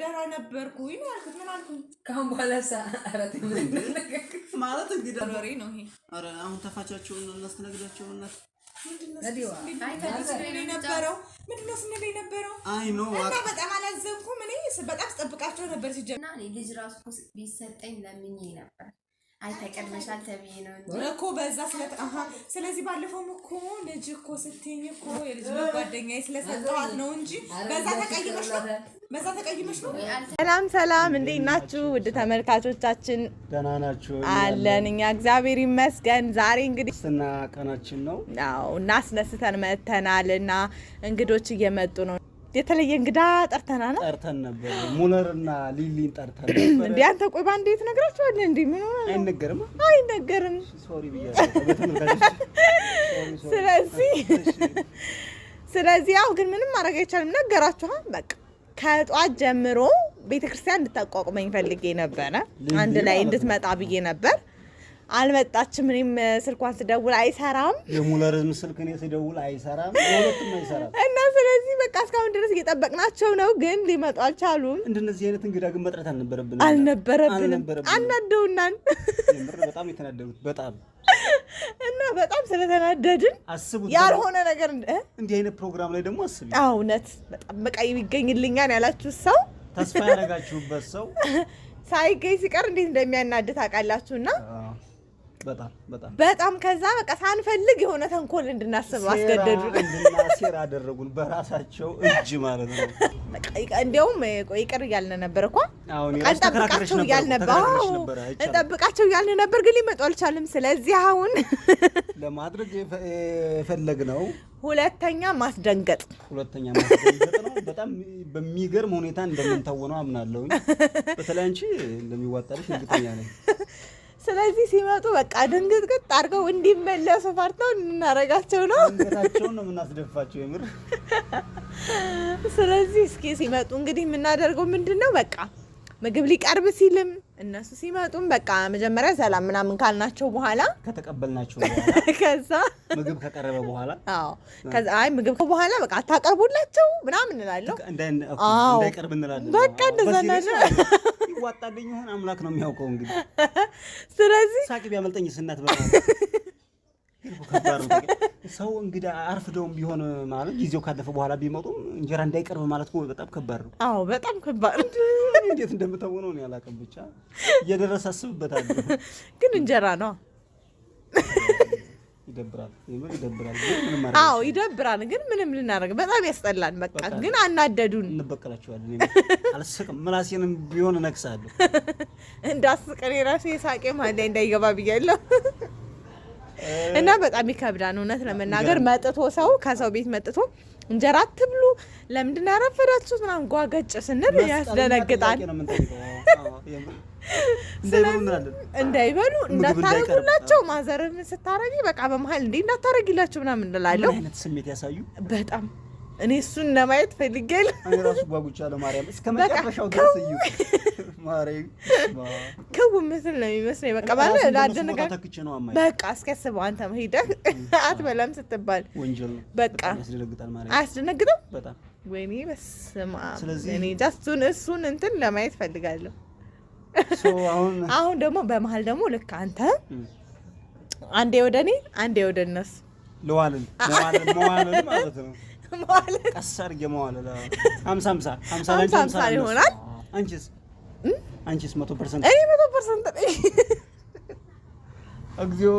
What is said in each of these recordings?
ደህና ነበርኩ አልኩት። ምን አልኩ? ከአሁን በኋላ ማለት እንግዲህ ነው ይሄ። አሁን ተፋቻቸውን እናስተናግዳቸው እናት በጣም በጣም ነበር። ልጅ ራሱ ቢሰጠኝ ነበር። ነው ስለዚህ ባለፈውም እኮ ልጅ እኮ ስትይኝ እኮ የልጅ ጓደኛዬ ስለሰጠኋት ነው እንጂ በዛ ተቀይመሽ ነው ሰላም ሰላም፣ እንዴት ናችሁ ውድ ተመልካቾቻችን? ደህና ናችሁ? አለን እኛ እግዚአብሔር ይመስገን። ዛሬ እንግዲህ ስና ቀናችን ነው። አዎ፣ እናስነስተን መጥተናል እና እንግዶች እየመጡ ነው። የተለየ እንግዳ ጠርተና ነው ጠርተን ነበር። ሙለር ሊሊን ጠርተን ነበር። እንዴ አንተ ቆይ ባንዴ ትነግራቸዋለህ? እንዴ ምን ሆነ? አይነገርም፣ አይነገርም። ሶሪ ስለዚህ ስለዚህ ያው ግን ምንም ማድረግ አይቻልም። ነገራችኋል በቃ ከጧት ጀምሮ ቤተክርስቲያን እንድታቋቁመኝ ፈልጌ ነበረ። አንድ ላይ እንድትመጣ ብዬ ነበር። አልመጣችም። እኔም ስልኳን ስደውል አይሰራም፣ የሙለርም ስልክ እኔ ስደውል አይሰራም፣ አይሰራም። እና ስለዚህ በቃ እስካሁን ድረስ እየጠበቅናቸው ነው፣ ግን ሊመጡ አልቻሉም። እንደነዚህ አይነት እንግዳ ግን መጥረት አልነበረብን አልነበረብንም። አናደውናል። በጣም የተናደዱት በጣም በጣም ስለተናደድን ያልሆነ ነገር እንዲህ አይነት ፕሮግራም ላይ ደግሞ አስቢ። እውነት በጣም በቃ ይገኝልኛል ያላችሁ ሰው ተስፋ ያደረጋችሁበት ሰው ሳይገኝ ሲቀር እንዴት እንደሚያናድድ ታውቃላችሁ እና በጣም ከዛ በቃ ሳንፈልግ የሆነ ተንኮል እንድናስብ አስገደዱ። ሴራ አደረጉን በራሳቸው እጅ ማለት ነው። እንዲያውም ይቅር እያልን ነበር እኮ እንጠብቃቸው እያልን ነበር እንጠብቃቸው እያልን ነበር፣ ግን ሊመጡ አልቻልም። ስለዚህ አሁን ለማድረግ የፈለግነው ሁለተኛ ማስደንገጥ ሁለተኛ ማስደንገጥ ነው። በጣም በሚገርም ሁኔታ እንደምንታወነው አምናለሁኝ። በተለይ አንቺ እንደሚዋጣልሽ እርግጠኛ ነኝ። ስለዚህ ሲመጡ በቃ ድንግጥግጥ አድርገው እንዲመለሱ ፈርተው እናረጋቸው ነው ነው የምናስደፋቸው። የምር ስለዚህ እስኪ ሲመጡ እንግዲህ የምናደርገው ምንድን ነው በቃ ምግብ ሊቀርብ ሲልም እነሱ ሲመጡም በቃ መጀመሪያ ሰላም ምናምን ካልናቸው በኋላ ከተቀበልናቸው ከዛ ምግብ ከቀረበ በኋላ አዎ፣ ከዛ አይ ምግብ በኋላ በቃ አታቀርቡላቸው ምናምን እንላለሁ። እንዳይቀርብ እንላለን። በቃ እንደዛ ናቸው። ይዋጣልኝ ይሆን አምላክ ነው የሚያውቀው። እንግዲህ ስለዚህ ሳቂ ቢያመልጠኝ ስናት በቃ ሰው እንግዲህ አርፍደውም ቢሆን ማለት ጊዜው ካለፈ በኋላ ቢመጡም እንጀራ እንዳይቀርብ ማለት በጣም ከባድ ነው። አዎ በጣም ከባድ እንዴት እንደምታወነው ነው ያላቀም ብቻ እየደረሰ አስብበታለሁ። ግን እንጀራ ነው። ይደብራል፣ ይደብራል። አዎ ይደብራል። ግን ምንም ልናደርግ በጣም ያስጠላል። በቃ ግን አናደዱን። እንበቀላቸዋለን። አልስቅም፣ ምላሴንም ቢሆን እነክሳለሁ። እንዳስቀን የራሴ የሳቄ መሀል ላይ እንዳይገባ ብያለሁ። እና በጣም ይከብዳል እውነት ለመናገር መጥቶ ሰው ከሰው ቤት መጥቶ እንጀራ አትብሉ፣ ለምንድን ነው ያረፈዳችሁት? ምናምን ጓገጭ ስንል ያስደነግጣል። እንዳይበሉ እንዳታረጉላቸው፣ ማዘርም ስታረጊ በቃ በመሀል እንዲ እንዳታረጊላቸው ምናምን እንላለሁ። ስሜት ያሳዩ በጣም እኔ እሱን ለማየት ፈልጌል። ራሱ ጓጉቻ ለማርያም እስከ መጨረሻው ድረስ እዩ ክቡ ምስል ነው የሚመስለኝ። በቃ ማለት ላደነጋ በቃ እስኪያስበው አንተ ሄደህ አትበላም ስትባል በቃ አያስደነግጥም። ወይኔ በስመ አብ። እኔ እንጃ እሱን እንትን ለማየት ፈልጋለሁ። አሁን ደግሞ በመሀል ደግሞ ልክ አንተ አንዴ ወደ እኔ አንዴ ወደ እነሱ ለዋልን ለዋልን ማለት ነው መዋልን ቀስ አድርጌ መዋልን ሀምሳ ሀምሳ ሀምሳ ሀምሳ ይሆናል። አንቺስ አንቺስ? መቶ ፐርሰንት እኔ መቶ ፐርሰንት ነኝ። እግዚኦ።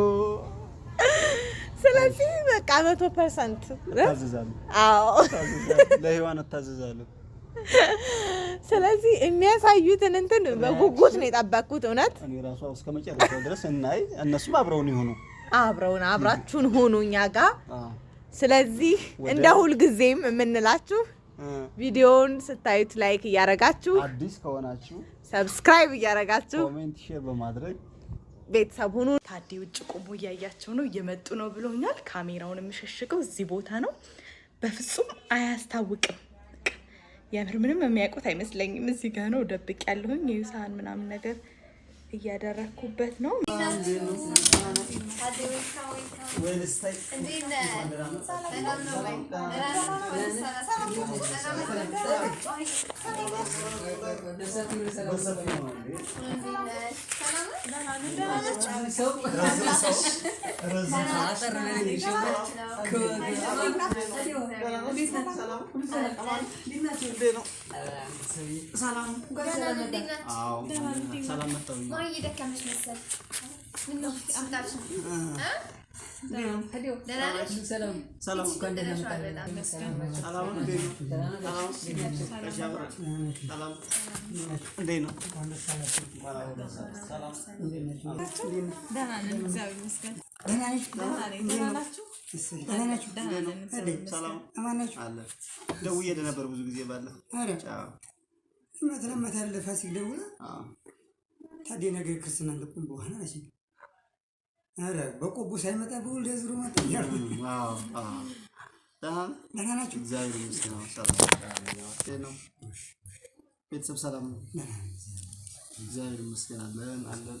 ስለዚህ በቃ መቶ ፐርሰንት ታዝዛለሁ። አዎ ለሔዋን እታዝዛለሁ። ስለዚህ የሚያሳዩትን እንትን በጉጉት ነው የጠበቅኩት። እውነት እኔ ራሷ እስከ መጨረሻው ድረስ እናይ፣ እነሱም አብረውን ይሆኑ አብረውን አብራችሁን ሆኑ እኛ ጋር። ስለዚህ እንደ ሁልጊዜም የምንላችሁ ቪዲዮውን ስታዩት ላይክ እያረጋችሁ አዲስ ከሆናችሁ ሰብስክራይብ እያረጋችሁ ኮሜንት፣ ሼር በማድረግ ቤተሰብ ሁኑ። ታዴ ውጭ ቆሞ እያያቸው ነው፣ እየመጡ ነው ብሎኛል። ካሜራውን የምሸሽገው እዚህ ቦታ ነው። በፍጹም አያስታውቅም። የምር ምንም የሚያውቁት አይመስለኝም። እዚህ ጋ ነው ደብቅ ያለሁኝ የሳህን ምናምን ነገር እያደረግኩበት ነው። ሰላም እየደከመች መሰል ደውዬ ነበር ብዙ ጊዜ ባለ መትለመት አለ ደውላ ታዲያ ነገ ክርስትና ልቁም በኋላ ነች። ኧረ በቆቦ ሳይመጣ በወልድ ዝሮ መጣ። ደህና ናቸው ቤተሰብ ሰላም ነው። እግዚአብሔር ይመስገናለን አለን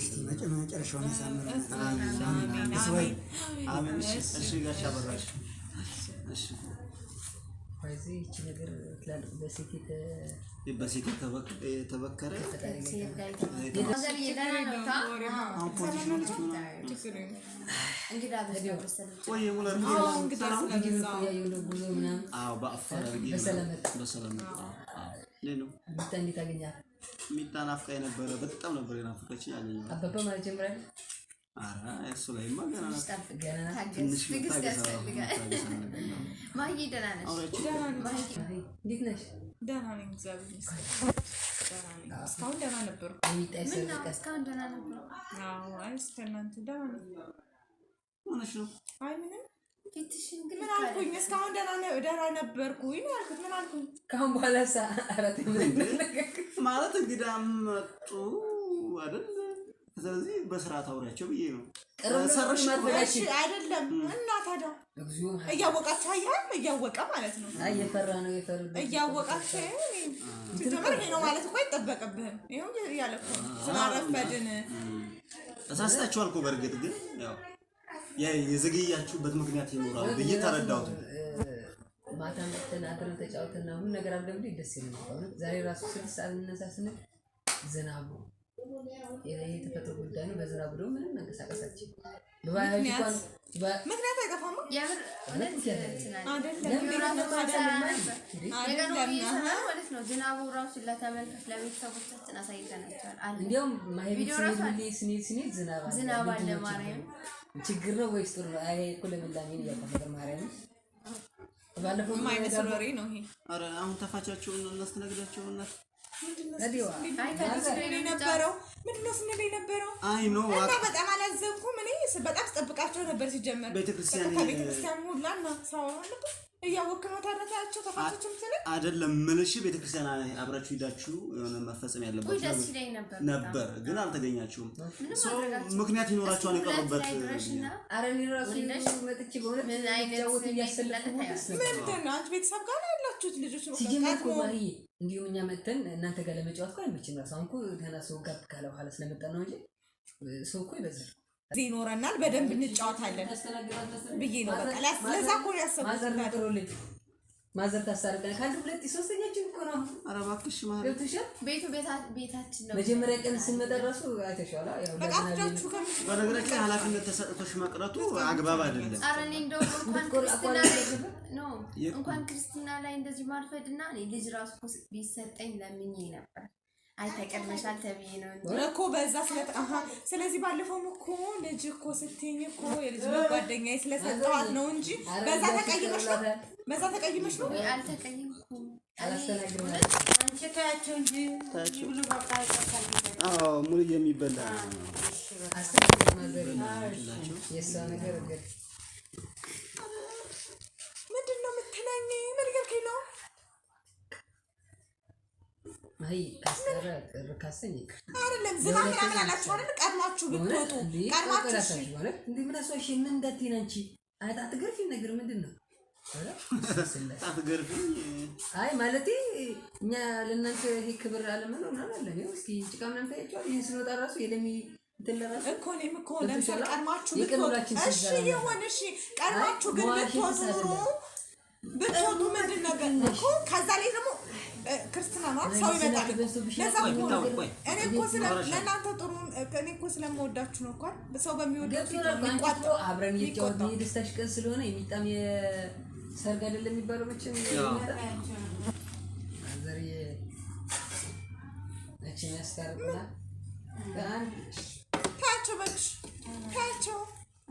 እስቲ መጨረሻውን ያሳምር። በሴት የተበከረ በሰላም ሚጣ ናፍቃ የነበረ በጣም ነበር የናፈቀች ያለኝ አበባ ማለት ጀምራል። እሱ ላይማ ገና ትንሽ ማሂ ደህና ነሽ? እንዴት ነሽ? ደህና ነኝ፣ እግዚአብሔር ይመስገን። እስካሁን ደህና ነበርኩ። እስካሁን ደህና ነበርኩ። አይ እስከ እናንተ ደህና ነኝ። ምንሽ ነው? አይ ምንም ምን አልኩኝ? እስካሁን ደህና ነበርኩኝ ነው ምን አልኩኝ? ካሁን በኋላ ማለት እንግዳ መጡ አይደል? ስለዚህ ብዬ ነው። አይደለም እና ታዲያ እያወቃችሁ እያወቀ ማለት ነው። እየፈራ ነው እያወቃችሁ ነው ማለት እኮ አይጠበቅብህም። ይኸው እያለ እኮ ስላረፈድን ተሳስታችኋል እኮ በእርግጥ ግን ያው የዘገያችሁበት ምክንያት ይኖራል ብዬ ተረዳሁት። ማታ መተን አድረን ተጫውተና ሁሉ ነገር አለ አብደብዶ ደስ የሚባሉ ዛሬ ራሱ ስድስት ሰዓት እንነሳ ስንል ዝናቡ የተፈጥሮ ጉዳይ ነው። በዝናቡ ደግሞ ምንም መንቀሳቀሳችን ምክንያት አይጠፋም። ዝናቡ ራሱ ለተመልካች ለቤተሰቦቻችን አሳይተናቸዋል። እንዲያውም ማሄቤት ስኔት ስኔት ዝናብ አለ ማርያም ችግር ነው ወይስ ጥሩ ነው? አይ እኮ ለምላሜን እያጣፈጠ ማርያም ባለፈው የማይመስል ነው ይሄ። ኧረ አሁን ተፋቻችሁ ነው አይ ኖ በጣም አላዘንኩም እኔ በጣም ስጠብቃቸው ነበር ሲጀመር ቤተክርስቲያን ሁላ እያወቅህ ታረታቸው ተፋቶች ምትል አይደለም ምልሽ ቤተክርስቲያን አብራችሁ ሂዳችሁ የሆነ መፈጸም ያለበት ነበር፣ ግን አልተገኛችሁም። ምክንያት የቀሩበት ምንድን ነው? አንቺ ቤተሰብ ጋር ያላችሁት ልጆች እንዲሁም እኛ መተን እናንተ ጋር ለመጫወት እኮ አይመችም። ራሱ አሁን እኮ ገና ሰው ጋር ካለ በኋላ ስለመጣ ነው እንጂ ሰው እኮ ይበዛል። እዚህ ይኖረናል፣ በደንብ እንጫወታለን ብዬ ነው። በቃ ለዛ እኮ ያሰብኩት ማዘር ታሳርቀናል። ከአንድ ሁለት ሶስተኛችን እኮ ነው። ኧረ እባክሽ ቤቱ ቤታችን ነው። መጀመሪያ ቀን ስንመጣ እራሱ አይተሽዋል። በነገራችን ኃላፊነት ተሰጥቶሽ መቅረቱ አግባብ አይደለም። ኧረ እኔ እንደውም እንኳን ክርስትና ላይ እንደዚህ ማርፈድ እና ልጅ ራሱ ቢሰጠኝ ለምኜ ነበር አይተቀመሻል ተብዬ ነው እኮ በዛ ስለጠፋ። ስለዚህ ባለፈውም እኮ ልጅ እኮ እኮ የልጅ ነው እንጂ በዛ ተቀይመሽ ነው፣ በዛ ተቀይመሽ ነው። አልተቀይምኩም። ሙሉ የሚበላ ምንድን ነው የምትለኝ? ምን ነው? አይደለም ዝናብ ምናምን ነገር ምንድን ነው? አይ ማለቴ እኛ ለእናንተ ይሄ ክብር አለመኖር ምናምን አለ። እስኪ ጭቃ ምናምን ታያቸዋል። ይህን ስንወጣ ራሱ የለሚ እኮኔም እኮ ለምሳሌ ቀድማችሁ እሺ የሆነ እሺ ቀድማችሁ ግን ብትወጡ ብትወጡ ምንድን ነገር እኮ ከዛ ላይ ደግሞ ክርስትና ነው። ሰው ይመጣል። ጥሩ እኔ እኮ ስለምወዳችሁ ነው። እንኳን ሰው በሚወደው አብረን እየተጫወትን የደስታሽ ቀን ስለሆነ የሚጣም የሰርግ አይደለም የሚባለው መቼም ታያቸው በች ታያቸው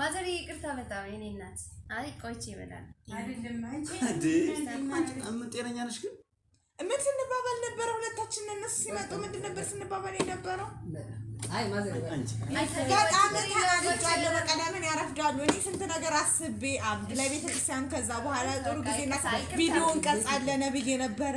ማዘር ይቅርታ፣ በጣም የኔ እናት። አይ ቆይቼ ይበላል። ጤነኛ ነሽ ግን? ምን ስንባባል ነበረ? ሁለታችን እነሱ ሲመጡ ምንድን ነበር ስንባባል የነበረው? በቀዳምን ያረፍዳሉ። እኔ ስንት ነገር አስቤ ለቤተክርስቲያን፣ ከዛ በኋላ ጥሩ ጊዜ ቪዲዮ እንቀርጻለን ብዬ ነበረ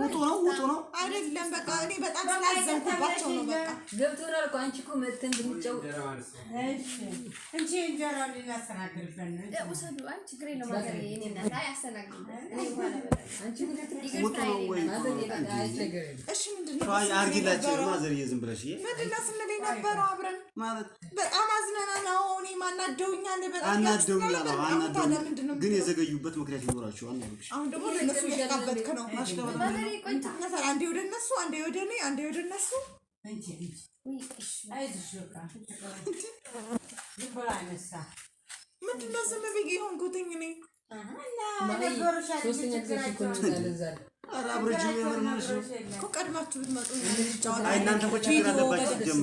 ውጡ ነው ውጡ ነው አይደለም። በቃ እኔ በጣም ስላዘንኩባቸው ነው። በቃ ገብቶናል እኮ አንቺ እኮ መተን ብንጫው እንጂ እንጀራ ልናስተናግድበት ነው። ችግር ዝም ብለሽ ምንድን ስንል የነበረው አብረን ማለት በጣም አዝነናል። አሁን አናደውኛል፣ በጣም አናደውኛል። አሁን ግን የዘገዩበት ምክንያት ይኖራቸዋል። አሁን ደግሞ ለነሱ እየተቃበጥክ ነው ማሽከበል አንዴ ወደ እነሱ አንዴ ወደ እኔ አንዴ ወደ እነሱ ምንድን ነው ዝም ብዬ የሆንኩትኝ እኔ ቀድማችሁ ብትመጡ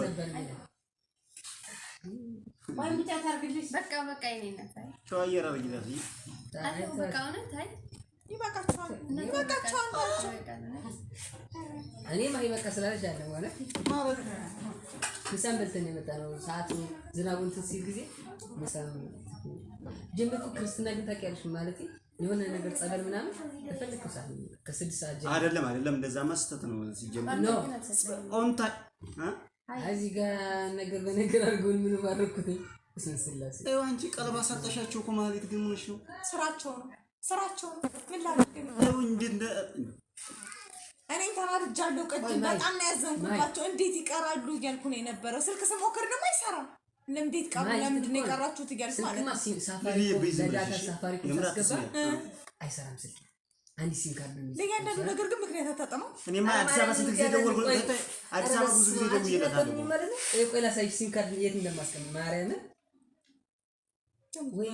እኔ እኔማ ይበቃ ስላለች ያለ ሆነ ምሳም በልተን የመጣ ነው። ሰዓቱ ዝናቡ እንትን ሲል ጊዜ ምሳም እኮ ክርስትና ግን ታውቂያለሽ ማለት የሆነ ነገር ጸበል ምናምን የፈለግከው ከስድስት ሰዓት አይደለም አይደለም፣ እንደዛማ ስህተት ነው። እዚህ ጋር ነገር በነገር አድርገውን ምን ባረኩት። አንቺ ቀለባ ሳጣሻቸው እኮ ማለት ግን ምንሽ ነው ስራቸው ነው ስራቸው ምን ላድርግ? እኔ ተማርጃለሁ። ቅድም በጣም ነው ያዘንኩባቸው። እንዴት ይቀራሉ እያልኩ ነው የነበረው። ስልክ ስሞክር ደግሞ አይሰራም። ለምንዴት ቀሩ? ለምንድን ነው የቀራችሁት እያልኩ አንድ ሲም ካርድ ነው። ለእያንዳንዱ ነገር ግን ምክንያት አታጠማም። እኔማ አዲስ አበባ ስንት ጊዜ ደወልኩ። አዲስ አበባ ብዙ ጊዜ ደውዬላታለሁ። ቆይ ላሳይሽ ሲም ካርድ የት እንደማስቀምጥ ማርያምን። ወይ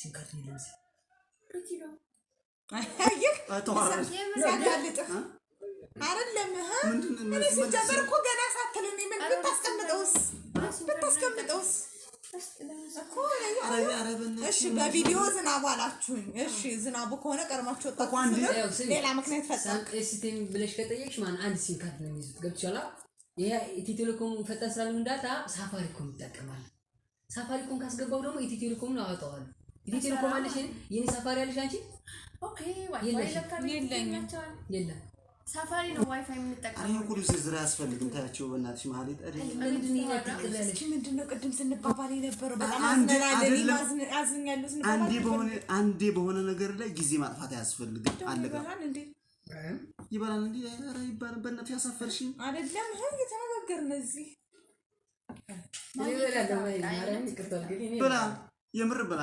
ሲም ካርድ የለም ገና በቪዲዮ ዝናቡ አላችሁኝ። እሺ ዝናቡ ከሆነ ቀድማችሁ ወጣችሁ ሌላ ምክንያት ፈጠን ብለሽ ከጠየቅሽ ማን አንድ ሲም ካርድ ነው የሚይዙት። ገብቶሻል? ኢትዮ ቴሌኮም ፈጠን ስላልሆነ ዳታ ሳፋሪኮም ይጠቀማል። ሳፋሪኮም ካስገባው ደግሞ ኢትዮ ቴሌኮምን አወጣዋለሁ ጊዜ ትልኮማለሽ። የኔ ሳፋሪ ያለሽ አንቺ ኦኬ። የለም ሳፋሪ ነው ዋይፋይ የምንጠቀመው። ይህ ሁሉ ዝርዝር አያስፈልግም። ታያቸው በእናትሽ መሀል ምንድነው? ቅድም ስንባባል የነበረው አንዴ በሆነ ነገር ላይ ጊዜ ማጥፋት አያስፈልግም። አለቀ። ይባላል እንዲ ይባል። በእናትሽ ያሳፈርሽ አይደለም እየተነጋገር እነዚህ ብላ የምር ብላ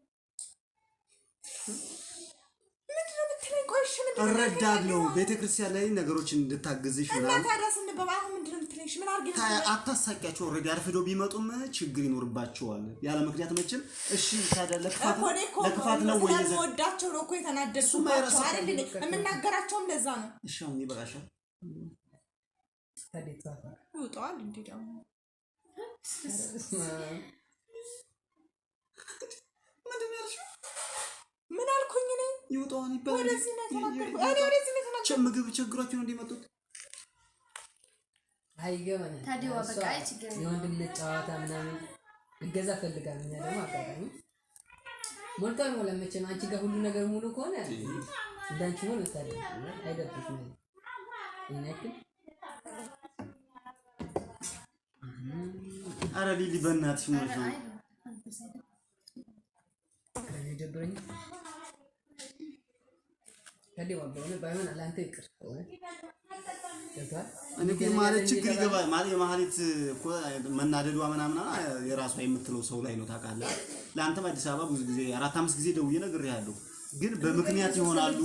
እረዳለሁ ቤተ ክርስቲያን ላይ ነገሮች እንድታግዝሽ አታሳቂያቸው። ኦልሬዲ አርፍደው ቢመጡም ችግር ይኖርባቸዋል ያለ ምክንያት መቼም። እሺ ታዲያ ለክፋት ነው ወይ ወዳቸው ነው እኮ የተናደድኩባቸው አይደል? የምናገራቸውም ለዛ ነው። እሺ አሁን ይበቃሻል። ይውጠዋል ምንድን ነው ያልሽው? ምን አልኩኝ? እኔ ይውጣውን ይባላል። ምግብ ችግሯቸው ነው እንዲመጡት አይገባንም። ታዲያ በቃ አይ የወንድምነት ጨዋታ ምናምን እገዛ ፈልጋል። እኛ ደግሞ አጋጣሚ ሞልቷል። ሞላ መቼም አንቺ ጋር ሁሉ ነገር ሙሉ ከሆነ እንዳንቺ ሆነ ታዲያ አይደብሽ ነው ይነክል አረ ሊሊ በእናትሽ ነው ደብረኝ ማለት ችግር ይገባል ማለት የማህሌት መናደዷ ምናምን የራሷ የምትለው ሰው ላይ ነው ታውቃለህ። ለአንተም አዲስ አበባ ብዙ ጊዜ አራት አምስት ጊዜ ደውዬ ነግሬሃለሁ። ግን በምክንያት ይሆናሉ።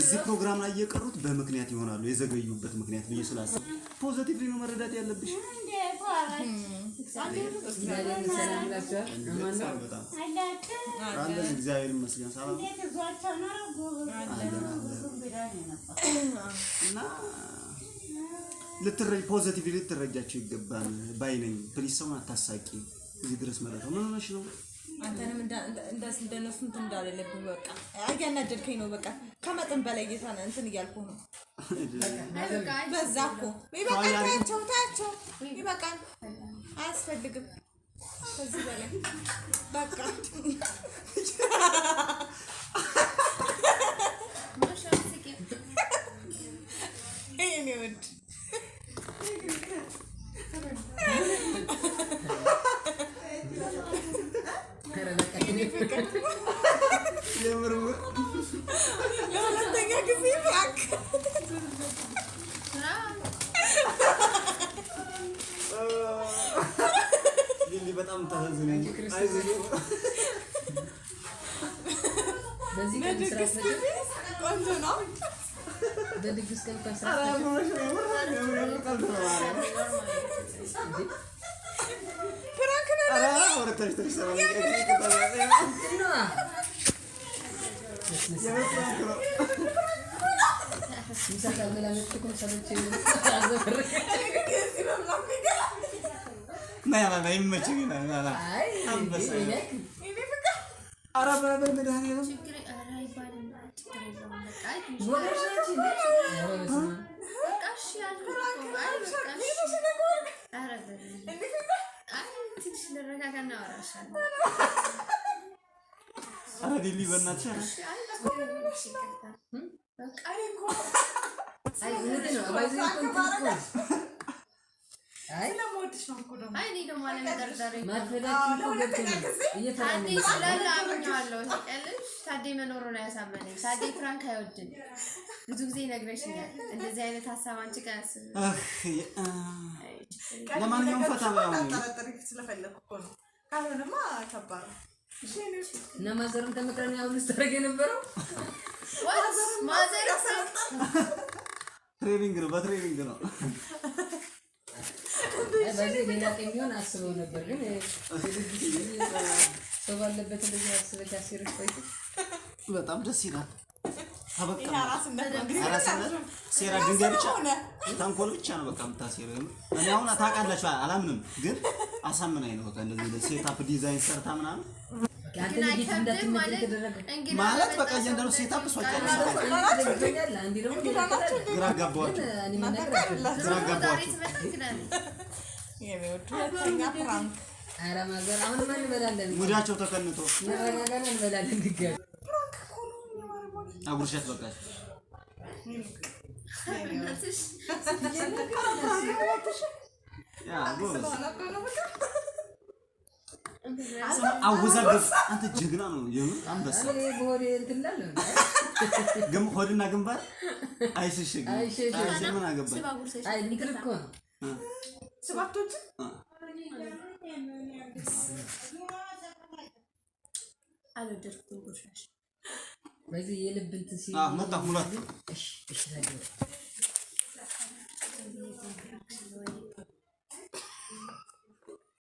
እዚህ ፕሮግራም ላይ የቀሩት በምክንያት ይሆናሉ። የዘገዩበት ምክንያት ብዬ ስላሰብ ፖዘቲቭ ነው መረዳት ያለብሽ። አለን እግዚአብሔር ይመስገን እና ልትረጅ ፖዘቲቭ ልትረጃቸው ይገባል ባይነኝ። ፕሊስ ሰውን አታሳቂ። እዚህ ድረስ መረተው ነው። ምን ሆነሽ ነው? አንተንም እንደነሱ እንትን እንዳለለብህ በቃ እያናደድከኝ ነው። በቃ ከመጠን በላይ ጌታ እንትን እያልኩ ነው። በዛ እኮ ይበቃል። ታያቸው ታያቸው፣ ይበቃል። አያስፈልግም ከዚህ በላይ በቃ bukan ah, stres. Ya, Ada yang mau Ada mau Ada yang mau Ada yang mau bisa kamu bilang itu kan Nah, nah, nah, ini macam ini, nah, nah, nah. Ini, ini, ini. Ini, ini. Arab, Arab, Arab, Arab, Arab, Arab, Arab, Arab, Arab, Arab, Arab, በእናትሽ ታዴ መኖሩን ነው ታዴ ፍራንክ አይወድን ብዙ ጊዜ ነግረሽኛል። እንደዚህ አይነት ሀሳብ አንቺ ጋር ለማንኛውም ፈታ እና ማዘር እንደ ያሁን ስታደርግ የነበረው ትሬኒንግ ነው፣ በትሬኒንግ ነው ስለዚህ ሌላ ቀን ቢሆን አስበው ነበር፣ ግን ሰው ባለበት እንደዚህ በጣም ደስ ይላል። ሴራ ድንጋይ ብቻ ተንኮል ብቻ ነው በቃ እኔ አሁን ታውቃላችሁ አላምንም፣ ግን አሳምናኝ ነው በቃ እንደዚህ ዲዛይን ሰርታ ምናምን ማለት በቃ ግራ ግራ የሚወዱ እንበላለን። ሙዳቸው ተቀንጦ እንበላለን እንበላለን። ድጋሚ አጉርሻት በቃሽ። አወዛገብ አንተ ጀግና ነው። የምን አንበሳ ግን ሆድና ግንባር አይሸሸግም። ምን አገባኝ ሰባቶችን አልወደድኩም።